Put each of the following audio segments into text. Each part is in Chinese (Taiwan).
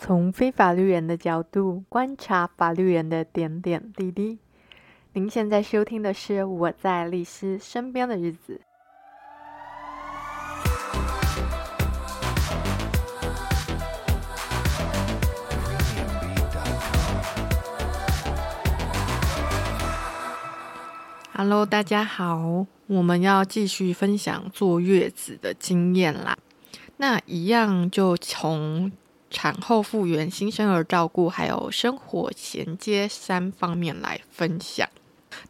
從非法律人的角度觀察法律人的點點滴滴。您現在收聽的是《我在律師身邊的日子》。Hello，大家好，我們要繼續分享坐月子的經驗啦。那一樣就從。產後復原、新生兒照顧，還有生活銜接三方面來分享。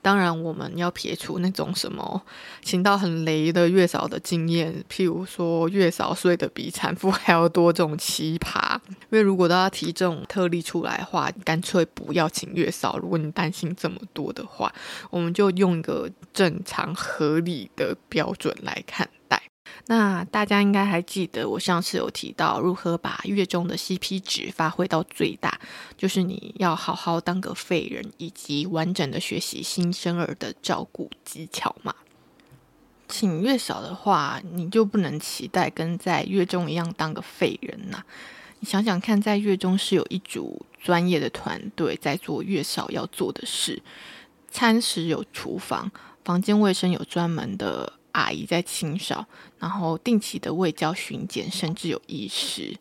當然，我們要撇除那種什麼請到很雷的月嫂的經驗，譬如說月嫂睡得比產婦還要多這種奇葩。因為如果大家提這種特例出來的話，乾脆不要請月嫂。如果你擔心這麼多的話，我們就用一個正常合理的標準來看。那大家應該還記得，我上次有提到如何把月中的 CP 值發揮到最大，就是你要好好當個廢人，以及完整的學習新生兒的照顧技巧嘛。請月嫂的話，你就不能期待跟在月中一樣當個廢人吶、啊。你想想看，在月中是有一組專業的團隊在做月嫂要做的事，餐食有廚房，房間衛生有專門的。阿姨在清掃，然後定期的衛教巡檢，甚至有醫師。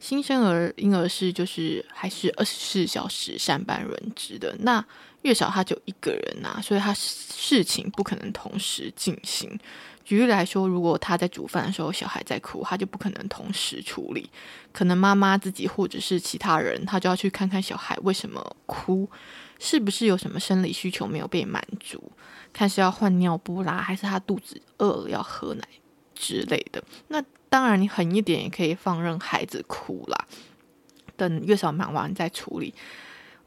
新生兒嬰兒室就是還是二十四小時三班輪值的。那月嫂他就一個人吶、啊，所以他事情不可能同時進行。舉例來說，如果他在煮飯的時候，小孩在哭，他就不可能同時處理。可能媽媽自己或者是其他人，他就要去看看小孩為什麼哭。是不是有什麼生理需求沒有被滿足？看是要換尿布啦，還是他肚子餓了要喝奶之類的？那當然，你狠一點也可以放任孩子哭啦，等月嫂忙完再處理。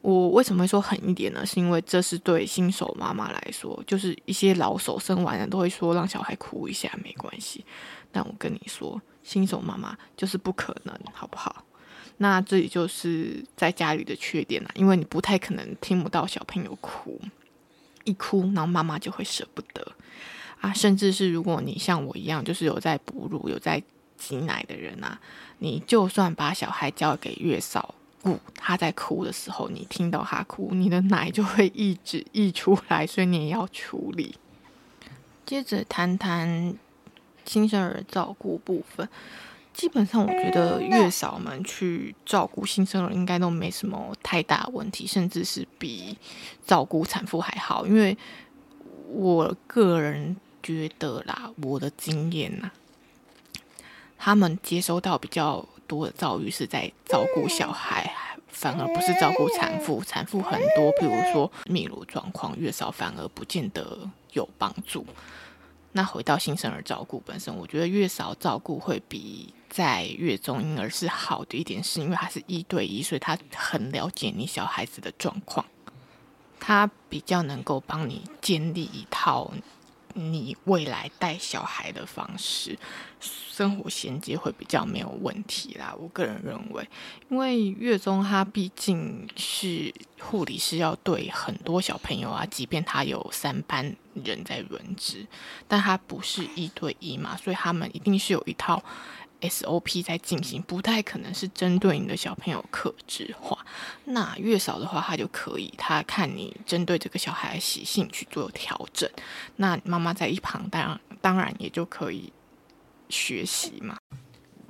我為什麼會說狠一點呢？是因為這是對新手媽媽來說，就是一些老手生完的都會說讓小孩哭一下沒關係。但我跟你說，新手媽媽就是不可能，好不好？那這裡就是在家裡的缺點啦、啊，因為你不太可能聽不到小朋友哭，一哭，然後媽媽就會捨不得啊。甚至是如果你像我一樣，就是有在哺乳，有在擠奶的人啊，你就算把小孩交給月嫂顧、呃，他在哭的時候，你聽到他哭，你的奶就會一直溢出來，所以你也要處理。接着談談新生兒照顧部分。基本上，我覺得月嫂們去照顧新生兒應該都沒什麼太大問題，甚至是比照顧產婦還好。因為我個人覺得啦，我的經驗吶，他們接收到比較多的教育是在照顧小孩，反而不是照顧產婦。產婦很多，比如說泌乳狀況，月嫂反而不見得有幫助。那回到新生兒照顧本身，我覺得月嫂照顧會比。在月中，嬰兒是好的一點，是因為他是一對一，所以他很了解你小孩子的狀況，他比較能夠幫你建立一套你未來帶小孩的方式，生活銜接會比較沒有問題啦。我個人認為，因為月中他畢竟是護理師，要對很多小朋友啊，即便他有三班人在輪值，但他不是一對一嘛，所以他們一定是有一套。SOP 在進行，不太可能是針對你的小朋友客製化。那月嫂的話，他就可以，他看你針對這個小孩的習性去做調整。那媽媽在一旁當，當當然也就可以學習嘛。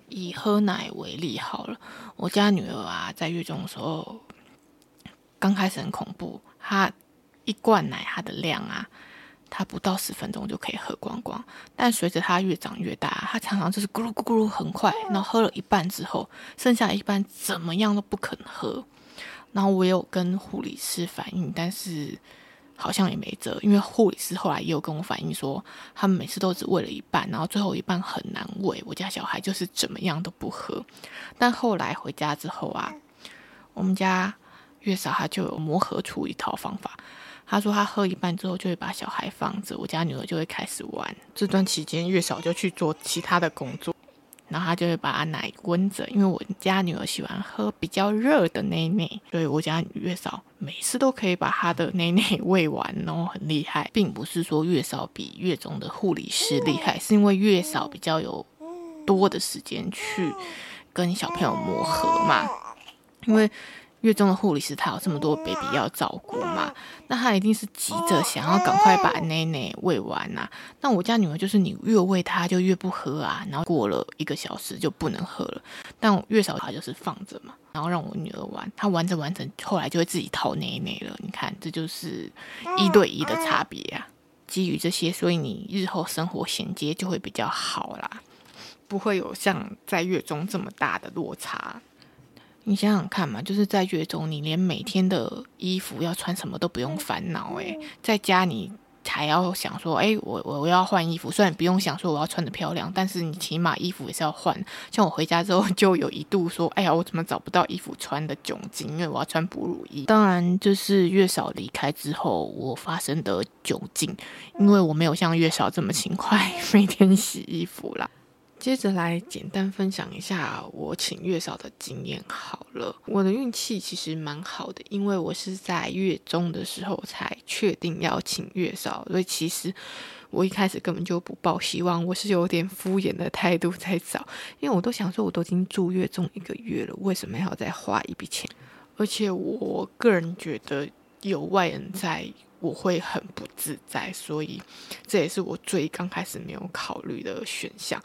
以喝奶為例，好了，我家女兒啊，在月中的時候，剛開始很恐怖，她一罐奶，她的量啊。他不到十分鐘就可以喝光光，但隨着他越長越大，他常常就是咕嚕咕嚕咕嚕很快，然後喝了一半之後，剩下一半怎麼樣都不肯喝。然後我也有跟護理師反映，但是好像也沒轍，因為護理師後來也有跟我反映說，他們每次都只餵了一半，然後最後一半很難餵，我家小孩就是怎麼樣都不喝。但後來回家之後啊，我們家月嫂她就有磨合出一套方法。他說他喝一半之後就會把小孩放着，我家女兒就會開始玩。這段期間月嫂就去做其他的工作，然後他就會把奶溫着，因為我家女兒喜歡喝比較熱的內內，所以我家女月嫂每次都可以把她的內內餵完，哦，然後很厲害。並不是說月嫂比月中的護理師厲害，是因為月嫂比較有多的時間去跟小朋友磨合嘛，因為。月中的護理師，她有這麼多 baby 要照顧嘛，那她一定是急着想要趕快把奶奶餵完吶、啊。那我家女兒就是你越餵她就越不喝啊，然後過了一個小時就不能喝了。但我月嫂她就是放着嘛，然後讓我女兒玩，她玩着玩着，後來就會自己討奶奶了。你看，這就是一對一的差別啊。基於這些，所以你日後生活銜接就會比較好啦，不會有像在月中這麼大的落差。你想想看嘛，就是在月中，你連每天的衣服要穿什麼都不用煩惱誒，在家你才要想說，誒、欸，我我要換衣服，雖然不用想說我要穿得漂亮，但是你起碼衣服也是要換。像我回家之後，就有一度說，哎呀，我怎麼找不到衣服穿的窘境，因為我要穿哺乳衣。當然，就是月嫂離開之後我發生的窘境，因為我沒有像月嫂這麼勤快，每天洗衣服啦。接着來簡單分享一下我請月嫂的經驗好了。我的運氣其實蠻好的，因為我是在月中的時候才確定要請月嫂，所以其實我一開始根本就不抱希望，我是有點敷衍的態度在找，因為我都想說，我都已經住月中一個月了，為什麼要再花一筆錢？而且我個人覺得有外人在，我會很不自在，所以這也是我最剛開始沒有考慮的選項。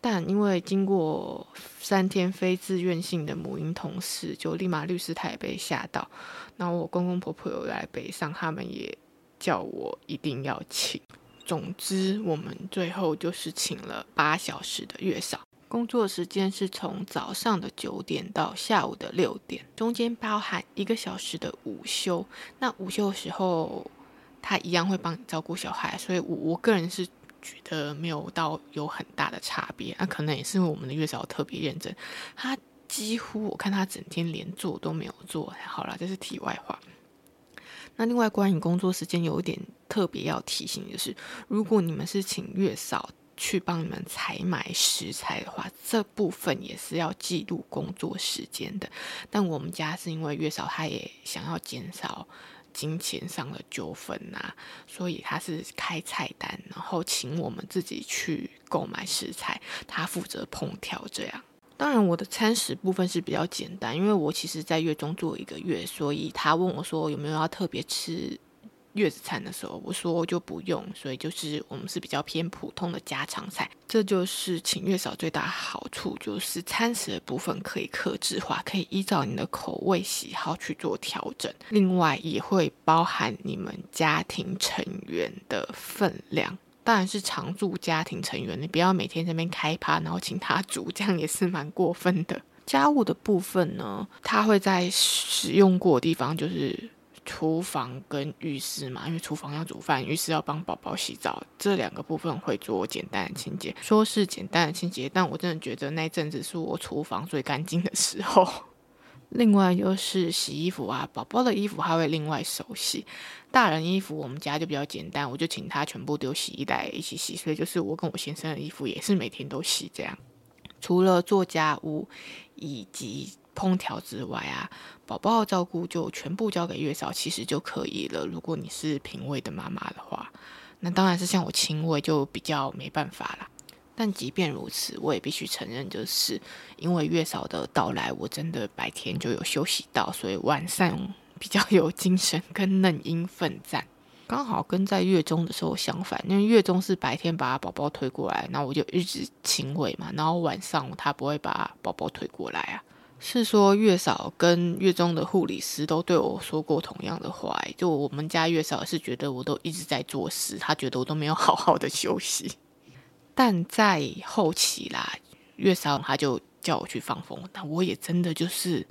但因為經過三天非自願性的母嬰同室，就李馬律師他也被嚇到。那我公公婆婆有來北上，他們也叫我一定要請。總之，我們最後就是請了八小時的月嫂，工作時間是從早上的九點到下午的六點，中間包含一個小時的午休。那午休的時候，他一樣會幫你照顧小孩，所以我，我我個人是。覺得沒有到有很大的差別，那、啊、可能也是因為我們的月嫂特別認真，他幾乎我看他整天連坐都沒有坐。好了，這是題外話。那另外關於工作時間有一點特別要提醒、就是，的是，如果你們是請月嫂，去幫你們採買食材的話，這部分也是要記錄工作時間的。但我們家是因為月嫂，他也想要減少金錢上的糾紛吶、啊，所以他是開菜單，然後請我們自己去購買食材，他負責烹調。這樣，當然我的餐食部分是比較簡單，因為我其實在月中坐一個月，所以他問我說有沒有要特別吃。月子餐的時候，我說我就不用，所以就是我們是比較偏普通的家常菜。這就是請月嫂最大好處，就是餐食的部分可以客製化，可以依照你的口味喜好去做調整。另外也會包含你們家庭成員的分量，當然是常住家庭成員。你不要每天在這邊開趴，然後請他煮，這樣也是蠻過分的。家務的部分呢，他會在使用過的地方就是。廚房跟浴室嘛，因為廚房要煮飯，浴室要幫寶寶洗澡，這兩個部分會做簡單的清潔。說是簡單的清潔，但我真的覺得那陣子是我廚房最乾淨的時候。 另外就是洗衣服啊，寶寶的衣服還會另外手洗，大人衣服我們家就比較簡單，我就請他全部丟洗衣袋一起洗。所以就是我跟我先生的衣服也是每天都洗這樣。除了做家務以及空調之外啊，寶寶的照顧就全部交給月嫂，其實就可以了。如果你是瓶餵的媽媽的話，那當然是像我親餵就比較沒辦法啦。但即便如此，我也必須承認，就是因為月嫂的到來，我真的白天就有休息到，所以晚上比較有精神跟嫩嬰奮戰。剛好跟在月中的時候相反，因為月中是白天把寶寶推過來，那我就一直親餵嘛，然後晚上他不會把寶寶推過來啊。是說月嫂跟月中的護理師都對我說過同樣的話，就我們家月嫂是覺得我都一直在做事，他覺得我都沒有好好的休息。但在後期啦，月嫂他就叫我去放風，那我也真的就是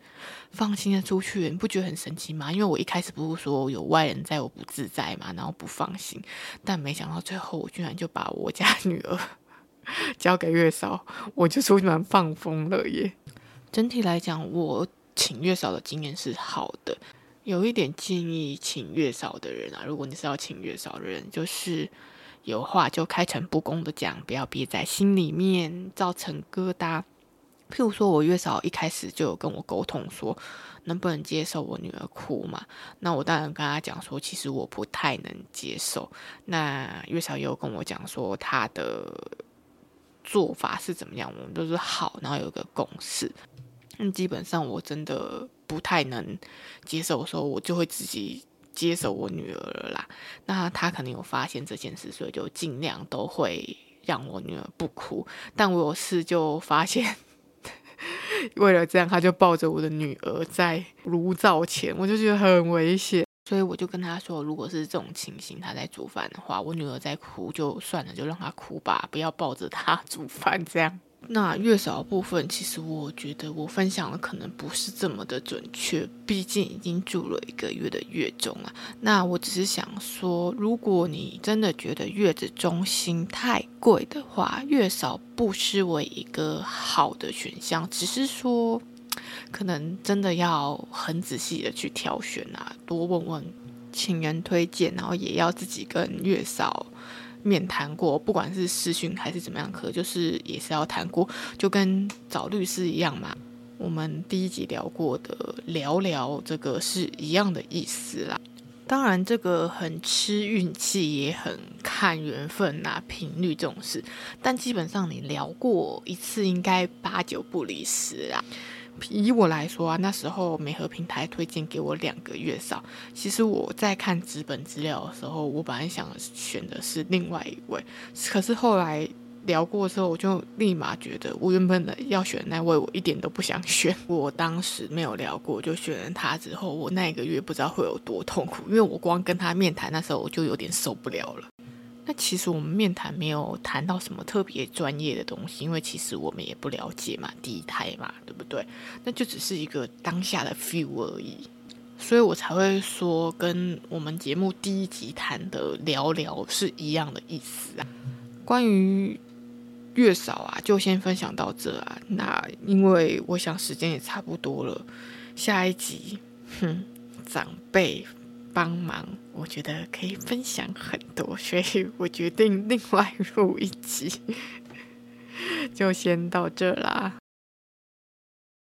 放心的出去，你不覺得很神奇嗎？因為我一開始不是說有外人在我不自在嘛，然後不放心，但沒想到最後我居然就把我家女兒交給月嫂，我就出門放風了耶。整體來講，我請月嫂的經驗是好的。有一點建議，請月嫂的人啊，如果你是要請月嫂的人，就是有話就開誠布公的講，不要憋在心裡面，造成疙瘩。譬如說我月嫂一開始就有跟我溝通說，能不能接受我女兒哭嘛？那我當然跟她講說，其實我不太能接受。那月嫂也有跟我講說，她的。做法是怎麼樣？我們都是好，然後有個共識。嗯，基本上我真的不太能接受的時候，說我就會自己接手我女兒了啦。那他可能有發現這件事，所以就儘量都會讓我女兒不哭。但我有一次就發現， 為了這樣，他就抱着我的女兒在爐灶前，我就覺得很危險。所以我就跟他說，如果是這種情形，他在煮飯的話，我女兒在哭就算了，就讓他哭吧，不要抱着他煮飯這樣。那月嫂部分，其實我覺得我分享的可能不是這麼的準確，畢竟已經住了一個月的月中了啊。那我只是想說，如果你真的覺得月子中心太貴的話，月嫂不失為一個好的選項，只是說。可能真的要很仔細的去挑選啊，多問問，請人推薦，然後也要自己跟月嫂面談過，不管是視訊還是怎麼樣，可就是也是要談過，就跟找律師一樣嘛。我們第一集聊過的聊聊這個是一樣的意思啦、啊。當然，這個很吃運氣，也很看緣分啊，頻率這種事。但基本上你聊過一次，應該八九不離十啊。以我來說啊，那時候媒合平台推薦給我兩個月嫂。其實我在看紙本資料的時候，我本來想選的是另外一位，可是後來聊過之後，我就立馬覺得我原本的要選的那位，我一點都不想選。我當時沒有聊過，就選了他之後，我那一個月不知道會有多痛苦，因為我光跟他面談那時候，我就有點受不了了。那其實我們面談沒有談到什麼特別專業的東西，因為其實我們也不了解嘛，第一胎嘛，對不對？那就只是一個當下的 feel 而已，所以我才會說跟我們節目第一集談的聊聊是一樣的意思啊。關於月嫂啊，就先分享到這啊。那因為我想時間也差不多了，下一集，哼，長輩。幫忙，我覺得可以分享很多，所以我決定另外錄一集，就先到這啦。